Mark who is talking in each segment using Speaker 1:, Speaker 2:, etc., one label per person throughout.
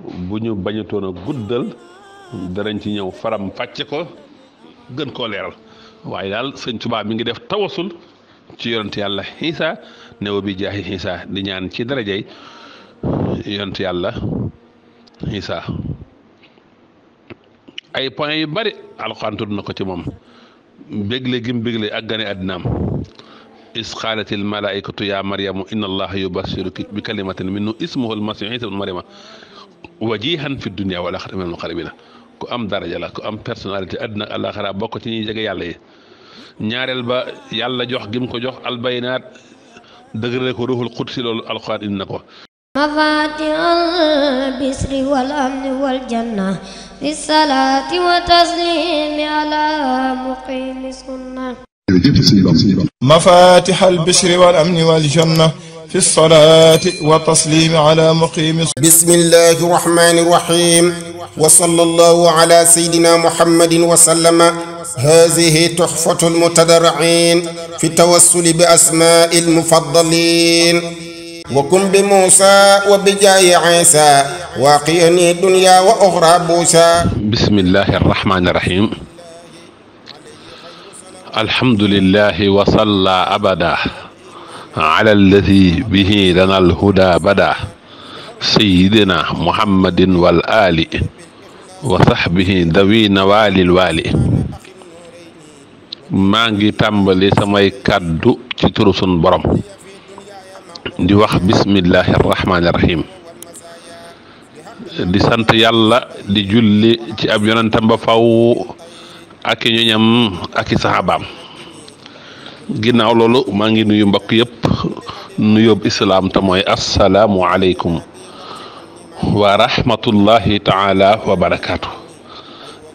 Speaker 1: bu ñu bañatoon a guddal darañ ci ñëw faram fàcce ko gën koo leeral waaye daal sëñ Tuubaa mi ngi def tawasul ci yonent yàlla Iisaa neew bi jaahi di ñaan ci darajay yonent yàlla Iisaa ay point yu bari alxuraan tudd na ko ci moom bégle gim bégle ak gane àddinaam is qaalatil malaaikatu yaa maryamu inna allaha yubashiruki bi kalimatin minhu ismuhu almasiihu Iisaa ibnu maryama wajihan fi dunya wala xatamal muqarrabina ku am daraja la ku am personnalité àddina àllaaxira bokk ci ñuy jege yàlla yi ñaareel ba yàlla jox gim ko jox albaynaat dëgëre ko ruuxul qudsi loolu alxuraan indi na ko mafatihal bisri wal amni wal janna fi salaati wa taslimi ala muqimi sunna mafatihal bisri wal amni wal janna fi salaati wa tasliimi ala muqiimi bismillahi rahmaani rahiim wa sallallahu ala sayyidina muhammadin wa sallama haadihi tuhfatul mutadarriin fi tawassuli bi asmaa'il mufaddaliin wa kun bi muusaa wa bi jaayi iisaa waaqiyani dunyaa wa uxraa buusaa bismillahi rahmaani rahiim alhamdulillahi wa salla abada ala alladi bihi lana alhuda bada sayidina ngi tàmbali samay kàddu ci sun borom di wax bismillahi rahmaani sant yàlla di julli ci ab yonentam ba faw ak ñoñam ak i ginnaaw loolu maa ngi nuyu mbokk yëpp nuyoob islaam te mooy asalaamu aleykum wa rahmatullahi wa barakaatu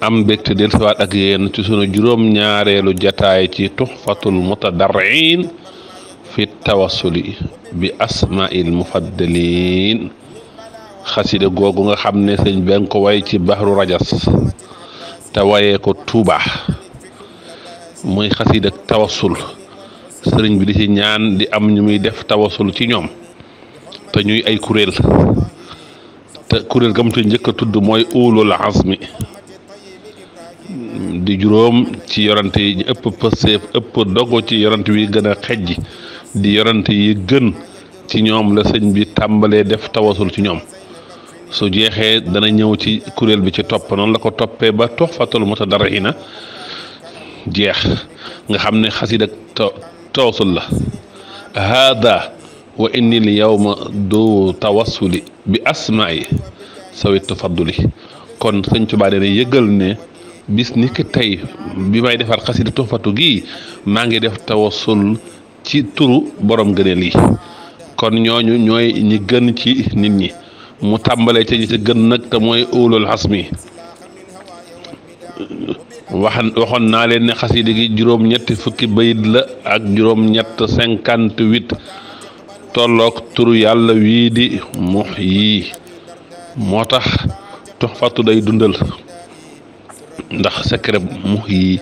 Speaker 1: am mbégte del siwaat ak yéen ci sunu juróom-ñaareelu jataay ci tuxfatul mutadarrin fi tawassuli bi asmail mufaddalin xaside googu nga xam ne sëñ benn ko way ci bahru rajas te wayee ko tuuba muy xaside tawassul sëriñ bi di ci ñaan di am ñu muy def tawasul ci ñoom te ñuy ay kuréel te kuréel gam te njëkk a tudd mooy ulul mi di juróom ci yorante yi ëpp pëseef ëpp dogo ci yorante wi gën a xejj di yorant yi gën ci ñoom la sëñ bi tàmbalee def tawasul ci ñoom su jeexee dana ñëw ci kuréel bi ci topp noonu la ko toppee ba toxfatul mutadarrihina jeex nga xam ne xasida tawassul la hada wa inni li yawma du tawassuli bi asma'i sawi tafadduli kon sëñ Tuubaa dana yëgal ne bis ni ki tey bi may defar xasida tuxfatu gii maa ngi def tawassul ci turu boroom gëneel yi kon ñooñu ñooy ñi gën ci nit ñi mu tàmbalee ci ñi ci gën nag te mooy ulul xasmi waxoon naa leen ne xasida gi juróom ñetti fukki bayit la ak juróom ñett cinquante huit tolloog turu yàlla wii di Muhyi moo tax Tuhfatu day dundal ndax secret Muhyi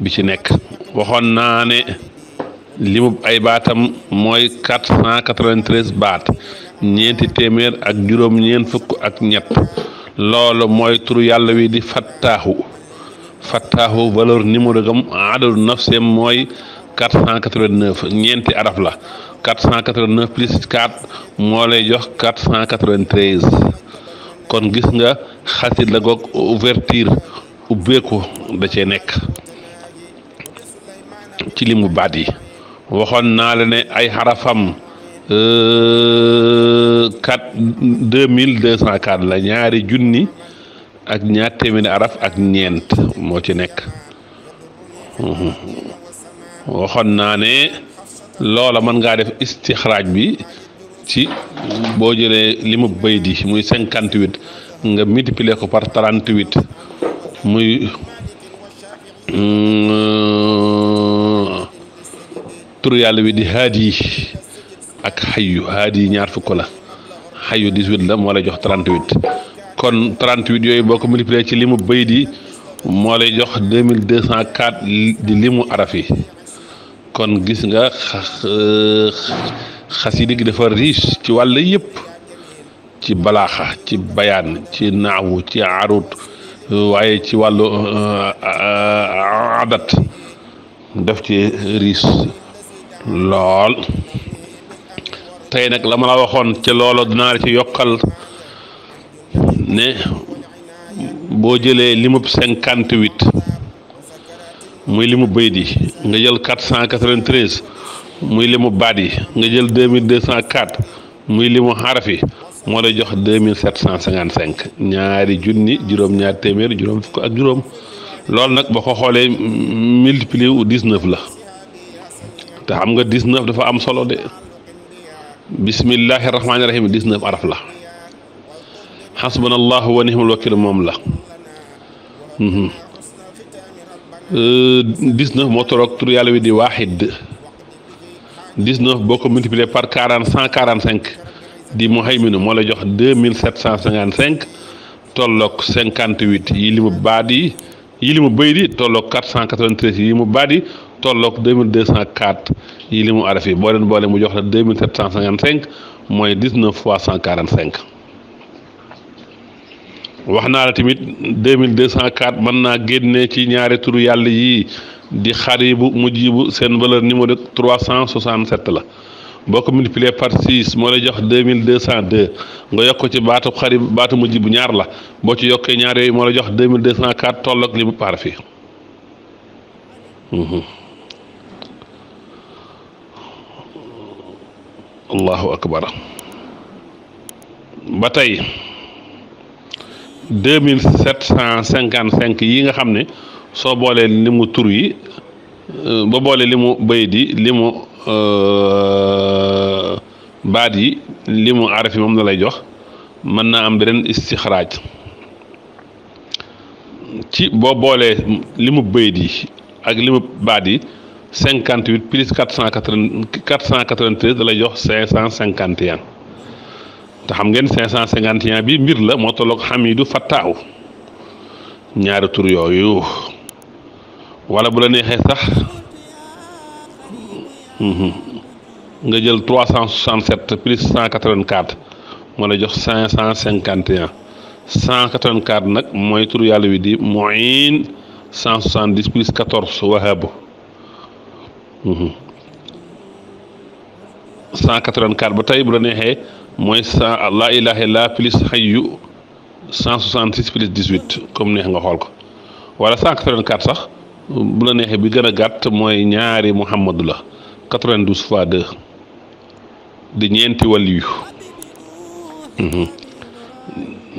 Speaker 1: bi ci nekk waxoon naa ne limub ay baatam mooy quatre baat ñeenti téeméer ak juróom ñeent fukk ak ñett loolu mooy turu yàlla wi di fattaaxu fattaahu valeur numéro gam adadu nafseem mooy 489 ñeenti araf la 489 plus 4 moo lay jox 493 kon gis nga xasit la goog ouverture ubbeeku da cee nekk ci limu baat yi waxoon naa la ne ay xarafam euh, quatre deux mille deux cent la ñaari junni ak ñaar téeméeri araf ak ñeent moo ci nekk mhm. waxoon naa ne loola mën ngaa def istixraaj bi ci boo jëlee limu mu bay di muy cinquante huit nga multiplier ko par trente huit muy mm, tur yàlla wi di haad ak xayu haad yi ñaar fukk la xayu dix huit la moo lay jox trente huit kon 38 yooyu boo ko multiplier ci limu bayit di moo lay jox 2204 di limu araf yi kon gis nga euh, xasida gi dafa riche ci wàll yëpp ci balaaxa ci bayaan ci naawu ci arut waaye ci wàllu euh, adat def ci riche lool tey nag la ma la waxoon ca loolu dinaa la ci yokkal ne boo jëlee limub cinquante huit muy limu bayit di nga jël quatre cent quatre vingt treize muy limu baat yi nga jël deux mille deux cent quatre muy limu xaraf yi moo lay jox deux mille sept cent cinquante cinq ñaari junni juróom-ñaar téeméer juróom fukk ak juróom loolu nag boo ko xoolee multiplier wu dix neuf la te xam nga dix neuf dafa am solo de bismillahi rahmaani rahim dix araf la. xasbana allahu wa nihmal wakil moom la mhm. euh, dix-neuf moo toroog tur yàlla wi di waaxid dix-neuf boo ko multiplier par quarante cent quarante-cinq di muhayminu moo la jox deux mille sept cent cinquante-cinq tolloog cinquante-huit yi li mu baat yi yi li mu bëy di tolloog quatre cent quatre-vingt-treize yi mu baat yi tolloog deux mille deux cent quatre yi li mu araf yi boo leen boole mu jox la deux mille sept cent cinquante-cinq mooy dix-neuf fois cent quarante-cinq wax naa la tamit deux mille deux cent quatre mën naa génne ci ñaari turu yàlla yii di xaribu mujibu seen valeur numéro trois cent soixante sept la boo ko multiplier part six moo la jox deux mille deux cent deux nga yokk ci baatu xarib baatu mujibu ñaar la boo ci yokkee ñaar yooyu moo lay jox deux mille deux cent quatre li mu paar fii mhm. allahu akbar ba tey deux mille sept cent yi nga xam ne soo boolee li mu tur yi euh, ba boolee li mu bayit yi li mu euh, baat yi li mu araf yi moom la lay jox mën naa am beneen istixraaj ci boo boolee li mu bayit yi ak li mu baat yi cinquante huit plus quatre cent quatre-vingt-treize da jox cinq cent cinquante et te xam ngeen 551 bi mbir la moo tolloog xamidu fattaahu ñaari tur yooyu wala bu la neexee sax mhm. nga jël 367 plus 184 moo la jox 551 184 nag mooy tur yàlla wi di moin 170 plus 14 wahabu 184 ba tey bu la neexee. mooy cent la ilaha illa plus xayyu cent soixante six plus dix huit comme neex nga xool ko wala cent quatre vingt quatre sax bu la neexee bi gën a gàtt mooy ñaari muhammadu la quatre vingt douze fois di ñeenti waliyu mhm.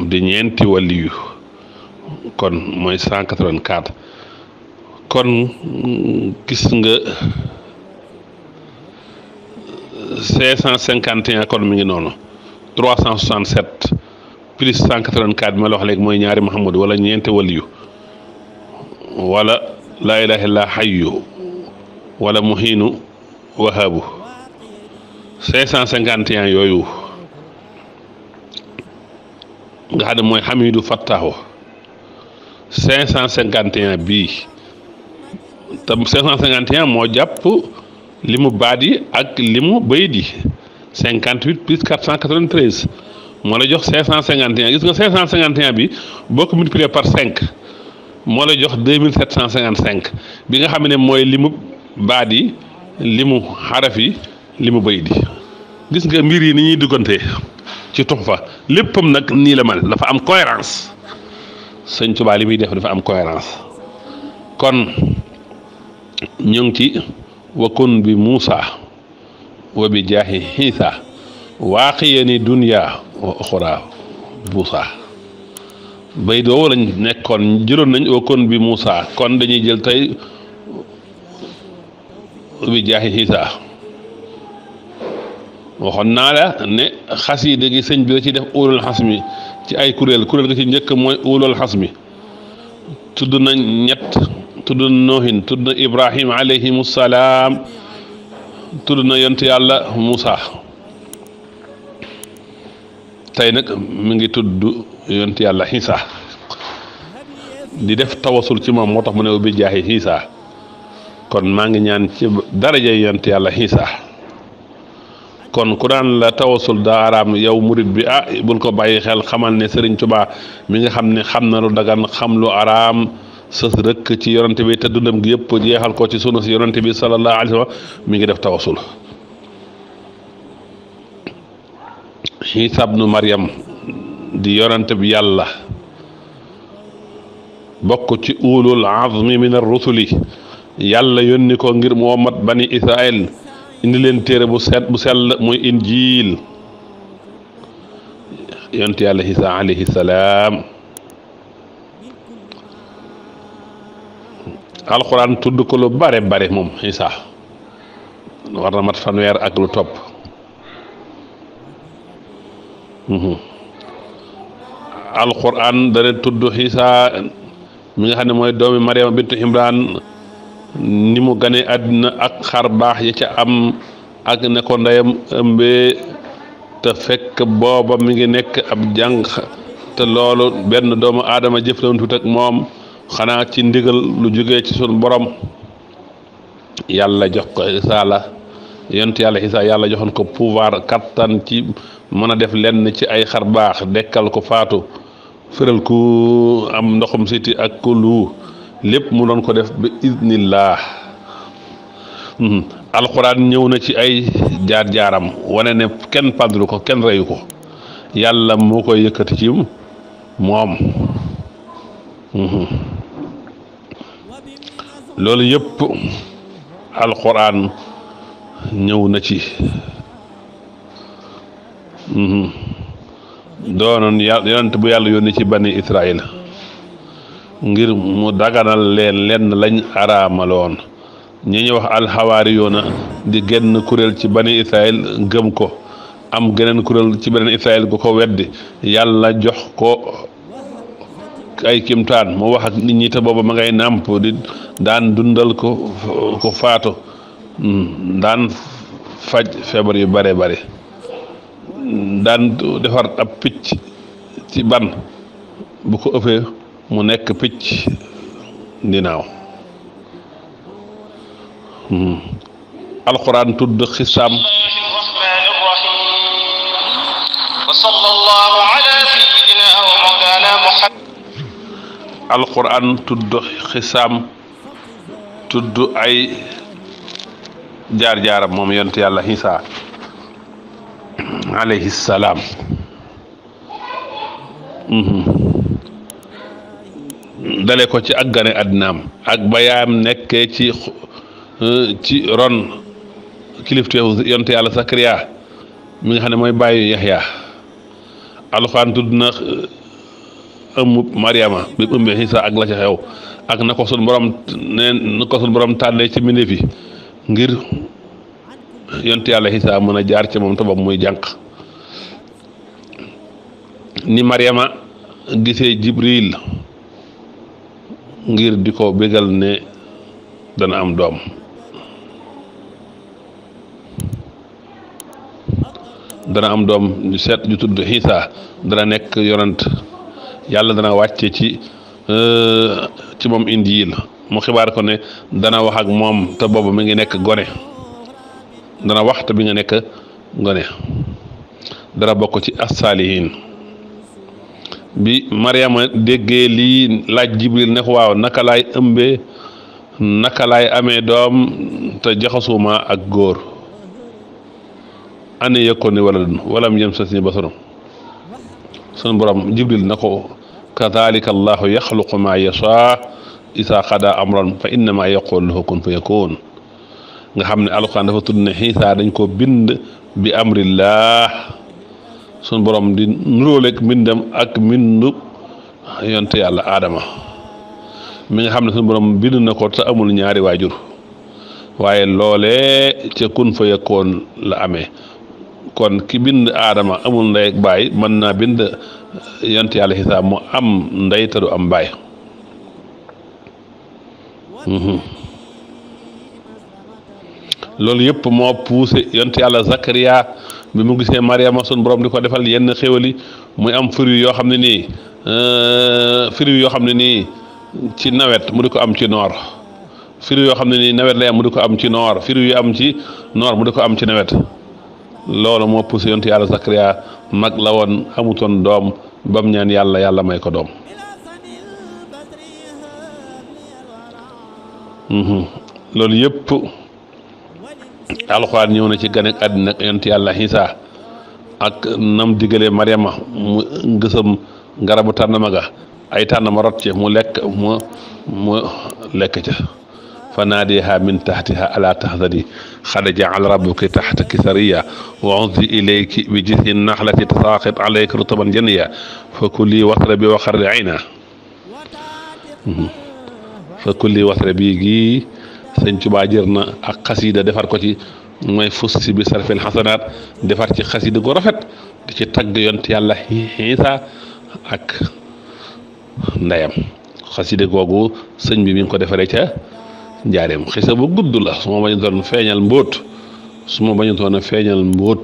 Speaker 1: di ñeenti waliyu kon mooy cent quatre vingt quatre kon gis nga cinq cent cinquante et un kon mi ngi noonu 367 plus cent bi ma la wax léegi mooy ñaari Mahamadou wala ñeenti waliyu wala laa ilaha illa hayyu wala muhiinu wahaabu 551 yooyu nga xam ne mooy Hamidou Fattahu 551 bii te 551 moo jàpp limu mu baat yi ak li mu yi 58 plus 493 moo la jox 551 gis nga 551 bi boo ko multiplier par 5 moo la jox 2755 bi nga xam ne mooy limu baat yi limu xaraf yi limu bay di gis nga mbir yi ni ñuy duggante ci tux fa léppam nag nii la mel dafa am cohérence sëñ Tuubaa li muy def dafa am cohérence kon ñu ngi ci wakun bi Moussa. wa bi jaahi xiisa waaqiyani dunya wa oxra buusa bayit woowu a nekkoon jëloon nañ kon bi Moussa kon dañuy jël tey bi jaaxi xiisa waxoon naa la ne xasida gi sëñ bi la ci def ulul xasmi ci ay kuréel kuréel ga ci njëkk mooy ulul xasmi tudd nañ ñett tudd na noohin tudd na ibrahim alayhimu tudd na yent yàlla Moussa tey nag mu ngi tudd yent yàlla Xiisa di def tawasul ci moom moo tax mu ne ubbi jaaxi Xiisa kon maa ngi ñaan ci daraja yent yàlla Xiisa kon ku daan la tawasul daa araam yow murit bi ah bul ko bàyyi xel xamal ne Serigne Touba mi nga xam ne xam na lu dagan xam lu araam sës rëkk ci yonante bi te dundam gi yëpp jeexal ko ci sunu si yonante bi sallallahu alayhi wa mi ngi def tawasul Iisa ibnu Maryam di yonante bi yàlla bokk ci ulul azmi min ar-rusuli yàlla yónni ko ngir moo mat bani leen téere bu set bu sell muy injiil yonent yàlla Iisa alayhi salaam alxuraan tudd ko lu bare bare moom xiisa war na mat fanweer ak lu topp mhm. alxuraan dana tudd Isa mi nga xam ne mooy doomi Mariama bintu Imraan ni mu gane àddina ak xar baax ya ca am ak ne ko ndeyam ëmbee te fekk booba mi ngi nekk ab jàng te loolu benn doomu aadama jëflawuntut ak moom xanaa ci ndigal lu jóge ci sunu borom yàlla jox ko isaa la yàlla isaa yàlla joxoon ko pouvoir kattan ci mën a def lenn ci ay xar baax dekkal ko faatu fëral ku am ndoxum siti ak ko lu lépp mu doon ko def bi idnillah mhm. alxuraan ñëw na ci ay jaar jaaram wane ne kenn pàddu ko kenn reyu ko yàlla moo koy yëkkati ci moom mhm. loolu yëpp alquran ñëw na ci mhm. doonoon yàlla yonent bu yàlla yónni ci bani israil ngir mu daganal leen lenn lañ araamaloon ñi ñuy wax alxawaari yoona di genn kuréel ci bani israil gëm ko am geneen kuréel ci beneen israil gu ko weddi yàlla jox ko ay kimtaan mu wax ak nit ñi te booba ma ngay nàmp di daan dundal ko ko faatu hmm, daan faj feebar yu bare bare daan defar ab picc ci ban bu ko ëppee mu nekk picc dinaaw hmm. alxuraan tudd xisaam alquran tudd xisaam tudd ay jaar-jaaram moom yonent yàlla Isaa alayhi salaam mhm. dale ko ci ak gane àddinaam ak bayaam nekkee eh, ci ron kilifteefu yonent yàlla Sakariya mi nga xam ne mooy bàyyi Yaxya alxuraan tudd na ëmmub Mariama bi ëmbee Xiisa ak la ca xew ak na ko sunu borom neen na ko sunu borom tànnee ci mbindéef yi ngir yont yàlla Xiisa mën a jaar ci moom te boobu muy jànq ni Mariama gisee Jibril ngir di ko bégal ne dana am doom dana am doom ñu seet ñu tudd Xiisa dana nekk yonent yàlla dana wàcce ci euh, ci moom injiil mu xibaar ko ne dana wax ak moom te bob mi ngi nekk gone dana wax te bi nga nekk gone dara bokk ci assaalihin bi Mariama déggee lii laaj Jibril ne waaw naka laay ëmbee naka lay amee doom te jaxasuma ak góor ane yëkkoon ni wala dun walam yem sa si basarum sunu borom jibril na ko kadalika allahu yaxluqu ma yasha isa qada amran fa innama yaqul lahu kun fa yakun nga xam ne alquran dafa tudd ne xiisa dañ ko bind bi amrillah sunu borom di nuróoleeg ak mbindu yonte yàlla aadama mi nga xam ne sunu borom bind na ko te amul ñaari waajur waaye loolee ca kun fa yakun la amee kon ki bind aadama amul ndey baay mën naa bind eh, yant yàlla xisaab mu am ndey te du am baay mhm. loolu yëpp moo poussé yant yàlla Zakaria bi mu gisee Mariama sun borom di ko defal yenn xéwal muy am fruit yoo xam ne nii eh, fruit yoo xam ne nii ci nawet mu di ko am ci noor fruit yoo xam ne nii nawet lay am mu di ko am ci noor fruit yu am ci noor mu di ko am ci nawet. loolu moo poussé yontu yàlla Sakariya mag la woon amutoon doom ba mu ñaan yàlla yàlla may ko doom mhm. loolu yëpp alxuraan ñëw na ci gane ak àddina yontu yàlla Xiisa ak nam digalee Mariama mu gësam ngarabu tànnama ga ay tànnama rot ci mu lekk mu mu lekk ca فناديها من تحتها ألا تحزني قد جعل ربك تحتك سريا وانظري إليك بجذع النخلة تساقط عليك رطبا جنيا فكلي واشربي وقري عينا فكلي واشربي gii Sëñ Tuubaa jër na ak xasiida defar ko ci mooy fus si bi sarfil xasanaat defar ci xasiida gu rafet di ci tagg yont yàlla Iisaa ak ndeyam xasiida googu sëñ bi mi ko defaree ca njaareem xisa bu gudd la su ma bañutoon feeñal mbóot su ma bañutoon a feeñal mbóot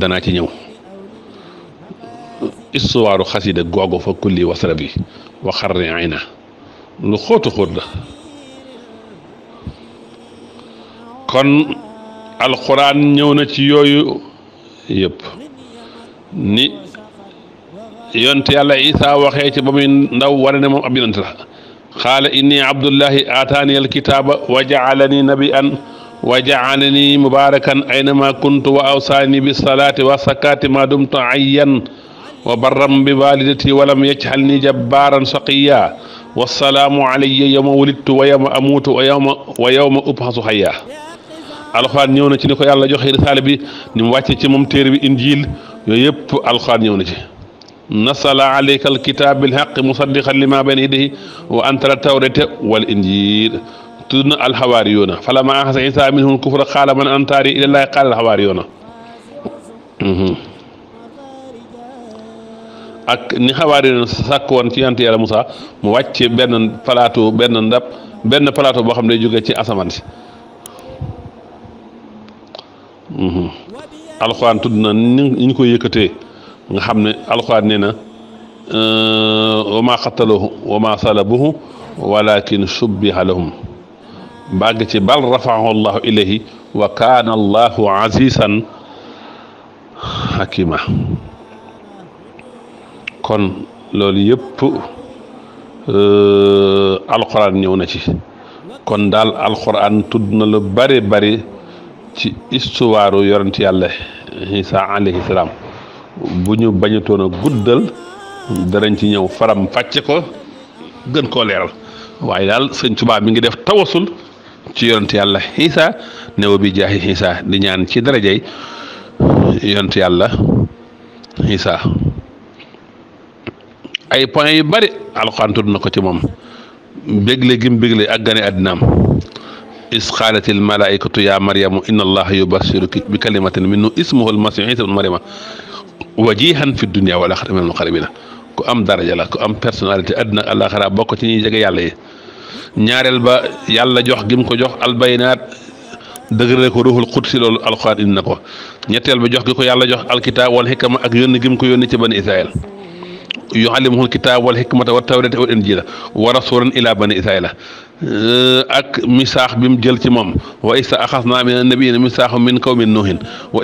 Speaker 1: danaa ci ñëw istuwaaru xasida googu fa kulli wasra bi waxarri ay na lu xóotu xóot la kon alxuraan ñëw na ci yooyu yëpp ni yont yàlla isaa waxee ci ba muy ndaw wane ne moom ab yonent la qaala inni abdullahi aataani alkitaaba wa jacalani nabiyan wa jacalani mubaarakan aynama kuntu wa awsaani bisalaati wa sakaati ma dumtu ayyan wa barram bi walidati walam yajcalni jabbaaran saqiya wassalaamu alayya yowma wulidtu wa yowma amuutu wa yowma wa yowma ubxasu xayya alxuraan ñëw na ci ni ko yàlla joxe risaale bi ni mu wàcce ci moom téere bi injiil yooyu yëpp alxuraan ñëw na ci nasala alayka alkitab bilhaq musaddiqan lima bayna yadayhi wa antara tawrata wal injil tudd na alxawaariyuuna falammaa ahassa Iisaa minhumul kufra qaala man ansaari ilallaahi qaala alxawaariyuuna mhm. ak ni xawaariyuuna sàkk woon ci yonent Yàlla Musaa mu wàcce benn plateau benn ndab benn palaato boo xam ne day jóge ci asamaan si mhm. alxuraan tudd na ni ñu ko yëkkatee. nga xam ne alxuraan nee na euh, wa maa qataluhu wa maa salabuhu walakin subbiha lahum bàgg ci bal rafaahu allahu ilayhi wa kaana allahu azizan hakima kon loolu yëpp euh, alxuraan ñëw na ci kon daal alxuraan tudd na lu bari bari ci istuwaaru yonent yàlla Isa alayhi salaam bu ñu bañutoon a guddal darañ ci ñëw faram fàcce ko gën koo leeral waaye daal sëñ Tuubaa mi ngi def tawasul ci yonent yàlla Iisaa neew bi jaahi Iisaa di ñaan ci darajay yonent yàlla Iisaa ay point yu bari alxuraan tudd na ko ci moom bégle gim bégle ak gane àddinaam is qaalat al malaaikatu yaa maryamu inna allaha yubashiruki bi kalimatin minhu ismuhu almasiihu iisaa ibnu maryama wajihan fi dunia wala xatami muqarrabina ku am daraja la ku am personnalité àddina ak àllaaxira bokk ci ñuy jege yàlla yi ñaareel ba yàlla jox gim ko jox albaynaat dëgërale ko ruuxul qudsi loolu alxuraan indi na ko ñetteel ba jox gi ko yàlla jox alkitaab wal xikma ak yónni gim ko yónni ci bani israel yuallimuhul kitaab wal xikmata wa tawrata wal injila wa rasulan ila bani israila ak misaax bi mu jël ci moom wa isa axas naa min annabiyina misaaxu min qawmin nuuhin wa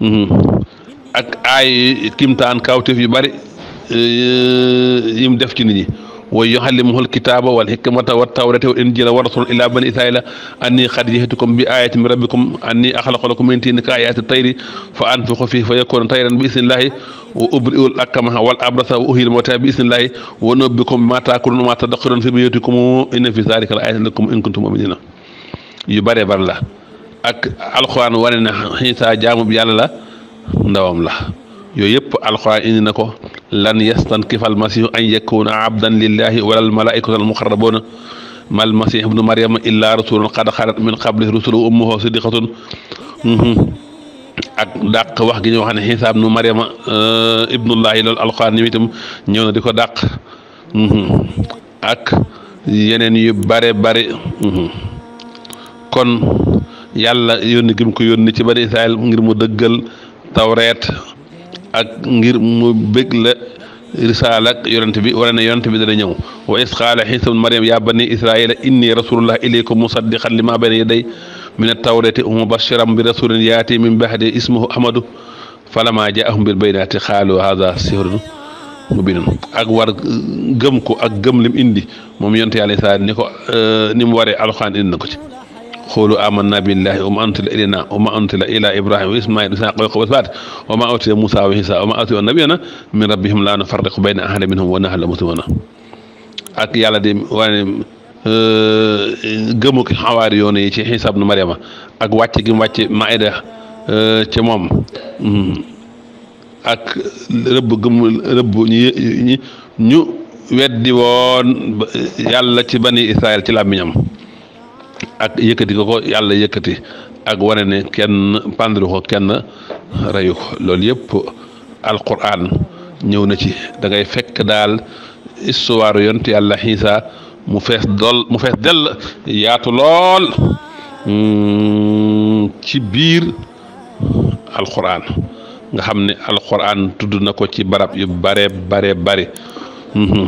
Speaker 1: Mhm. ak ay kimtaan kawteef yu bari eh, yim def ci nit ñi wa yuallimuhul kitaaba wal hikmata wat tawrata wal injila wa rasul ila bani israila anni qad jihtukum bi ayatin min rabbikum anni akhlaqu lakum min tin ka ayati tayri fa anfukhu fihi fa yakunu tayran bi isnillahi wa ubri'u al akmaha wal abrasa wa uhil mawta bi isnillahi wa nabbikum ma taakulun ma tadakhirun fi buyutikum inna fi dhalika la ayatin lakum in kuntum mu'minina yu bare bare la ak alxuraan wane na xiisa jaamub yàlla la ndawam la yoo yëpp alxuraan indi na ko lan yastankifa almasihu an yakuna abdan lillahi wala almalaikatu almuqarrabuna ma almasih ibnu maryama illa rasulun qad xalat min qablihi rusulu ummuhu siddiqatun mhm. ak dàq wax gi ñu wax ne xiisa ibnu maryama euh, ibnullahi loolu alxuraan ni itam ñëw na di ko daq mhm. ak yeneen yu bare bare mhm. kon yàlla yónni gi ko yónni ci bani Israël ngir mu dëggal tawreet ak ngir mu bëgg la risaala ak bi wala na yonent bi dana ñëw wa is qaala Iisaa bnu Maryam yaa bani Israa'iila inni rasuulullah ilaykum musaddiqan limaa bayna yaday mina tawreeti wa bi rasuulin yaatii min ba'dii ismuhu Ahmadu falammaa jaa'ahum bil bayyinaati qaaluu haazaa sihrun mubiin ak war gëm ko ak gëm lim indi moom yonent Yàlla Iisaa ni ko eh, ni mu waree alxuraan na ko ci. qulu amanna billahi wa ma unzila ilayna wa ma unzila ila ibrahima wa ismaila wa isaqa wa yaqub ak yàlla de waane euh, gëmuk xawaari yoon yi ci xisaab nu mariama ak wàcc gi mu wàcc euh, ci moom hmm. ak rëbb gëm rëbb ñu weddi woon yàlla ci bani israel ci làmmiñam ak yëkkati ko ko yàlla yëkkati ak wane kenn pàndalu ko kenn reyu ko loolu yëpp alquran ñëw na ci dangay fekk daal histoire yontu yàlla xiisa mu fees dool mu fees dell yaatu lool mm, ci biir alquran nga xam ne alquran tudd na ko ci barab yu bare bare bare mm-hmm.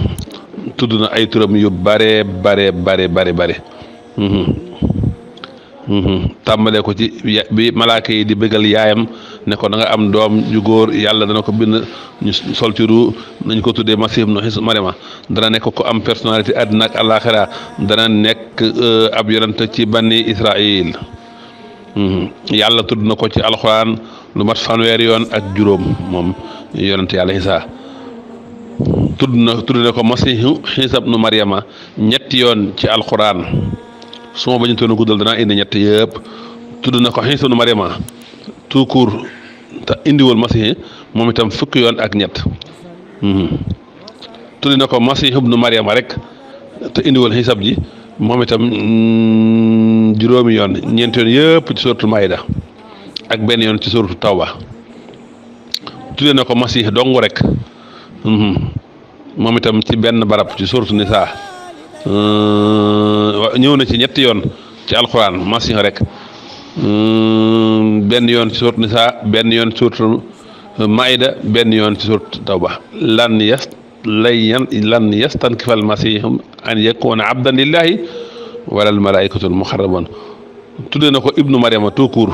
Speaker 1: tudd na ay turam yu bare bare bare bare bare Mm-hmm. Mm-hmm. tàmbalee ko ci bi malaaka yi di bëggal yaayam nekkoon danga am doom ju góor yàlla dana ko bind ñu dañ ko tuddee masif no xis marima dana nekk ko am personnalité àddina ak àllaaxira dana nekk euh, ab yonent ci banni Israil mm-hmm. yàlla tudd na ko ci alxuraan lu mat fanweeri yoon ak juróom moom yonent yàlla Isaa tudd na tudd ko masiixu xiisab nu mariama ñetti yoon ci alxuraan su ba bañu toon a guddal danaa indi ñett yëpp tudd na ko xiisu nu Mariama tout te indiwul Masiix moom itam fukki yoon ak ñett mhm. tudd na ko Masiix ibnu Mariama rek te indiwul xiisab ji moom itam mm, juróomi yoon ñeenti yoon yëpp ci suratul Maayda ak benn yoon ci suratul Tawba tudd na ko Masiix dong rek mhm. moom itam ci benn barab ci suratul Nisaa Euh, ñëw na ci ñetti yoon ci alxuraan masin rek euh, benn yoon ci surat nisaa benn yoon ci surat benn yoon ci surat tawba lan yas lay lan yastankifa almasihum an yakuna abdan lillahi wala almalaikatul muxarraboon tudde na ko ibnu mariama tuukuur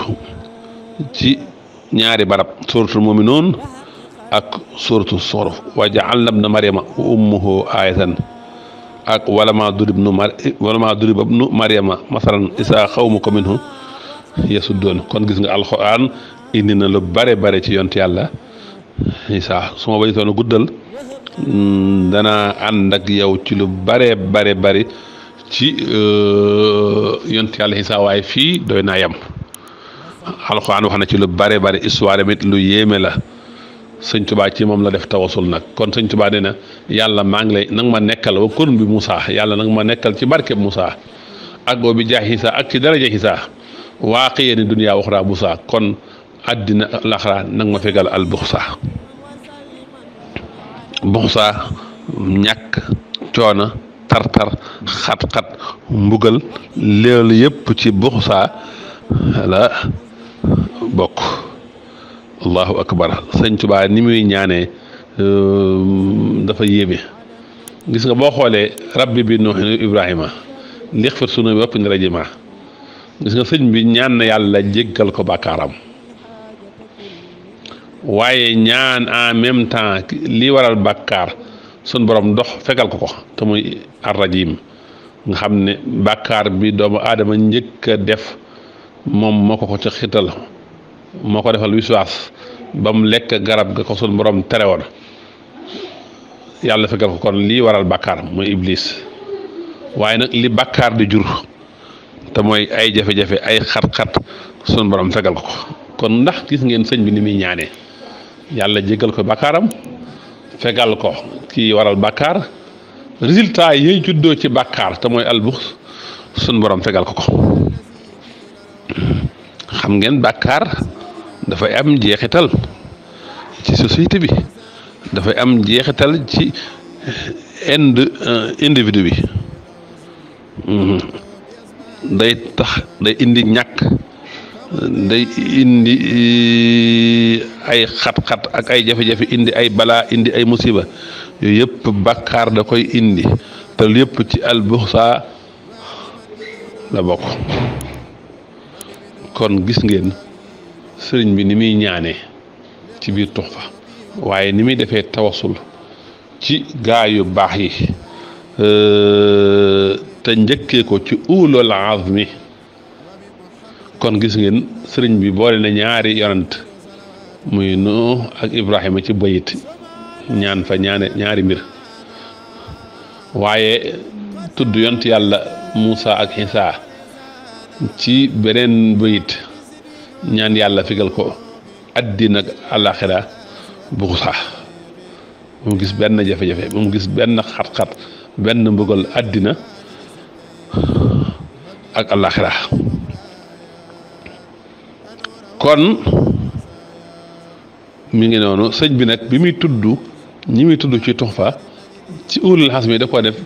Speaker 1: ci ñaari barab suratul muminuun ak suratul soxrof wa jaalna ibna mariama wa ummuhu ayatan ak walama durib nu mar walama durib nu mariama masalan isaa xawma ko minhu yasuddoon kon gis nga alxuraan indi na lu bare bare ci yont yàlla isaa su ma bañutoon a guddal mm, dana ànd ak yow ci lu bare bare bari ci euh, yont yàlla isaa waaye fii doy naa yem alxuraan wax na ci lu bare bare histoire mit lu yéeme la sëñ tubaa ci moom la def tawasul nag kon sëñ tubaa nee na yàlla maa ngi lay nag ma nekkal wa kon bi Moussa yàlla nag ma nekkal ci barkeb Moussa ak boobu jaaxisa ak ci daraja xisaa waaqi yéeni duniyaa waxraa Moussa kon àddina laxraa nag ma fegal al buxsa buxsa ñàkk coona tartar xat-xat mbugal loolu yëpp ci buxsa la bokk allahu akbar sëñ Tuubaa ni muy ñaanee euh, dafa yéeme gis nga boo xoolee rabbi bi nuuhin ibrahima lixfir sunu bi wappi ni rajima gis nga sëñ bi ñaan na yàlla jéggal ko bàkkaaram waaye ñaan en même temps li waral bàkkaar suñ borom dox fegal ko ko te muy arrajim nga xam ne bàkkaar bi doomu aadama njëkk a def moom moo ko ko ca xital moo ko defal wiswaas ba mu lekk garab ga ko suñ borom tere woon yàlla fegal ko kon lii waral bàkkaar mooy ibliis waaye nag li bàkkaar di jur te mooy ay jafe-jafe ay xat-xat suñ borom fegal ko kon ndax gis ngeen sëñ bi ni muy ñaanee yàlla jégal ko bàkkaaram fegal ko kii waral bàkkaar résultat yooyu juddoo ci bàkkaar te mooy albux suñ borom fegal ko ko xam ngeen bàkkaar dafay am njeexital ci société bi dafay am njeexital ci ind individu bi mhm. day tax day indi ñàkk day indi eh, ay xat-xat ak ay jafe-jafe indi ay balaa indi ay musiba yooyu yëpp bàkkaar da koy indi te lépp ci albuxsa la bokk kon gis ngeen sëriñ bi ni muy ñaanee ci biir Tuhfa waaye ni muy defee tawasul ci gaa yu baax yi euh, te njëkkee ko ci ulul mi kon gis ngeen sëriñ bi boole na ñaari yonant muy Nuux ak Ibrahima ci bayit ñaan fa ñaane ñaari mbir waaye tudd yont yàlla Muusa ak Isaa ci beneen bayit ñaan yàlla fegal ko àddina ak àllaaxira bu sax bu mu gis benn jafe-jafe bu mu gis benn xat-xat benn mbugal àddina ak àllaaxira kon mu ngi noonu sëñ bi nag bi muy tudd ñi muy tudd ci tuxfa ci uurul xas mi da ko def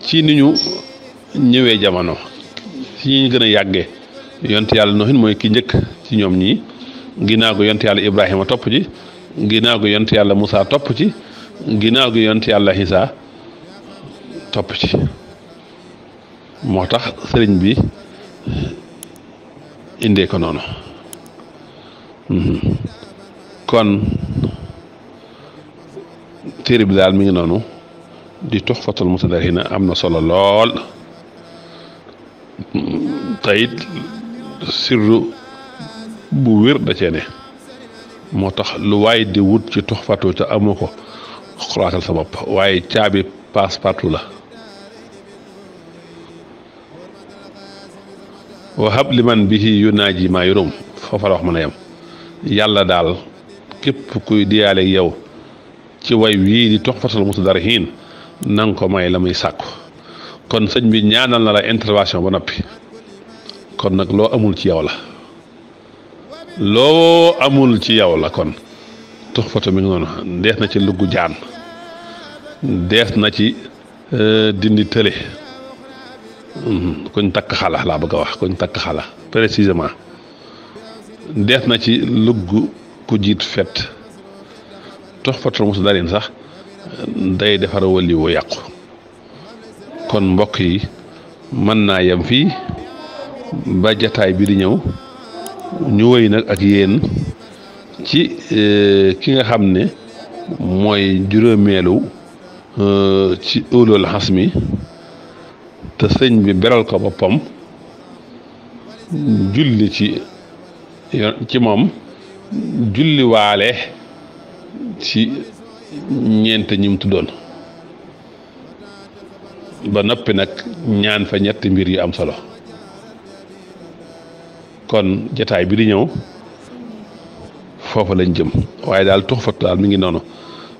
Speaker 1: ci ni ñu ñëwee jamono ci ñi ñu gën a yàggee yont yàlla noohin mooy ki njëkk ci ñoom ñii ginnaaw gi yonte yàlla Ibrahima topp ci ginaaw gi yonte yàlla Moussa topp ci ginnaaw gi yont yàlla Isa topp ci moo tax sëriñ bi indee ko noonu mhm. kon téere bi daal mi ngi noonu di Tuhfatul Mutadallihina am na solo lool tayit sirru bu wér da cee moo tax lu waay di wut ci tux fatu te amoo ko xalaatal sa bopp waaye caabi passe partout la wahab liman bihi yunaaji maa yurum foofa la wax mën a yem yàlla daal képp kuy diyaale yow ci way wii di tox fatal musu dara hiin nanga ko may la muy sàkku kon sëñ bi ñaanal na la intervention ba noppi kon nag loo amul ci yow la loo amul ci yow la kon tox foto mi ngi noonu dees na ci lugg jaan dees na ci euh, dindi tële mhm. koñ takk xala laa bëgg a wax koñ takk xala précisément dees na ci lugg ku jiit fet tox foto mos darin sax day defar wëli wu yàqu kon mbokk yi mën naa yem fii ba jataay bi di ñëw ñu wëy nag ak yéen ci e, ki nga xam ni mooy juróomeelu e, ci ulul mi te sëñ bi beral ko boppam julli ci ci moom julli waale ci ñeent ñi mu tuddoon ba noppi nag ñaan fa ñetti mbir yu am solo kon jataay bi di ñëw foofa lañ jëm waaye daal tuxfatu daal mu ngi noonu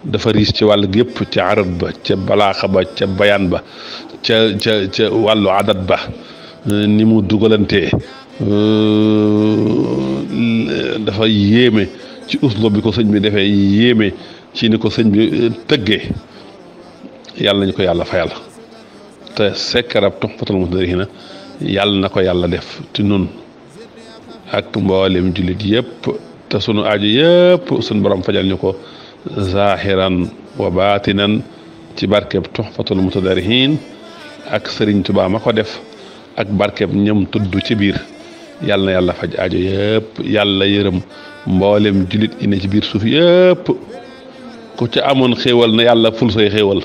Speaker 1: dafa riis ci wàll gépp ca arab ca balaaxa ba ca ca ca wàllu adat ba ni mu dugalantee euh, dafa yéeme ci uslo bi ko sëñ bi defee yéeme ci ni ko sëñ bi tëggee yàlla nañu ko yàlla fayal te sekkarab tuxfatul musdarihiina yàlla na ko yàlla def ci nun ak mboolem jullit yëpp te sunu aju yëpp sunu borom fajal ñu ko zahiran wa baatinan ci barkeb tuxfatul musdarihiin ak sëriñ Tuubaa ma ko def ak barkeb ñam tudd ci biir yàlla na yàlla faj ajo yëpp yàlla yërëm mboolem jullit yi ci biir suuf yëpp ku ca amoon xéewal na yàlla ful say xéewal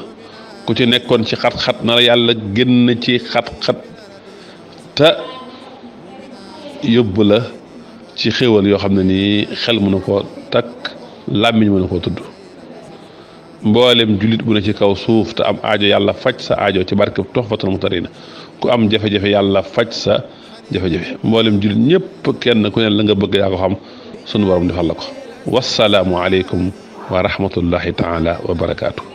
Speaker 1: ku ci nekkoon ci xat-xat na la yàlla génn ci xat-xat te yóbbu la ci xéewal yoo xam ne nii xel mënu ko takk làmmiñ nu ko tudd mboolem jullit bu ne ci kaw suuf te am aajo yàlla faj sa ajoo ci barke Tuhfatul Muhtarina ku am jafe-jafe yàlla faj sa jafe-jafe mboolem jullit ñëpp kenn ku ne la nga bëgg yaa ko xam sunu borom defal la ko wasalaamu aleykum wa rahmatullahi taala wa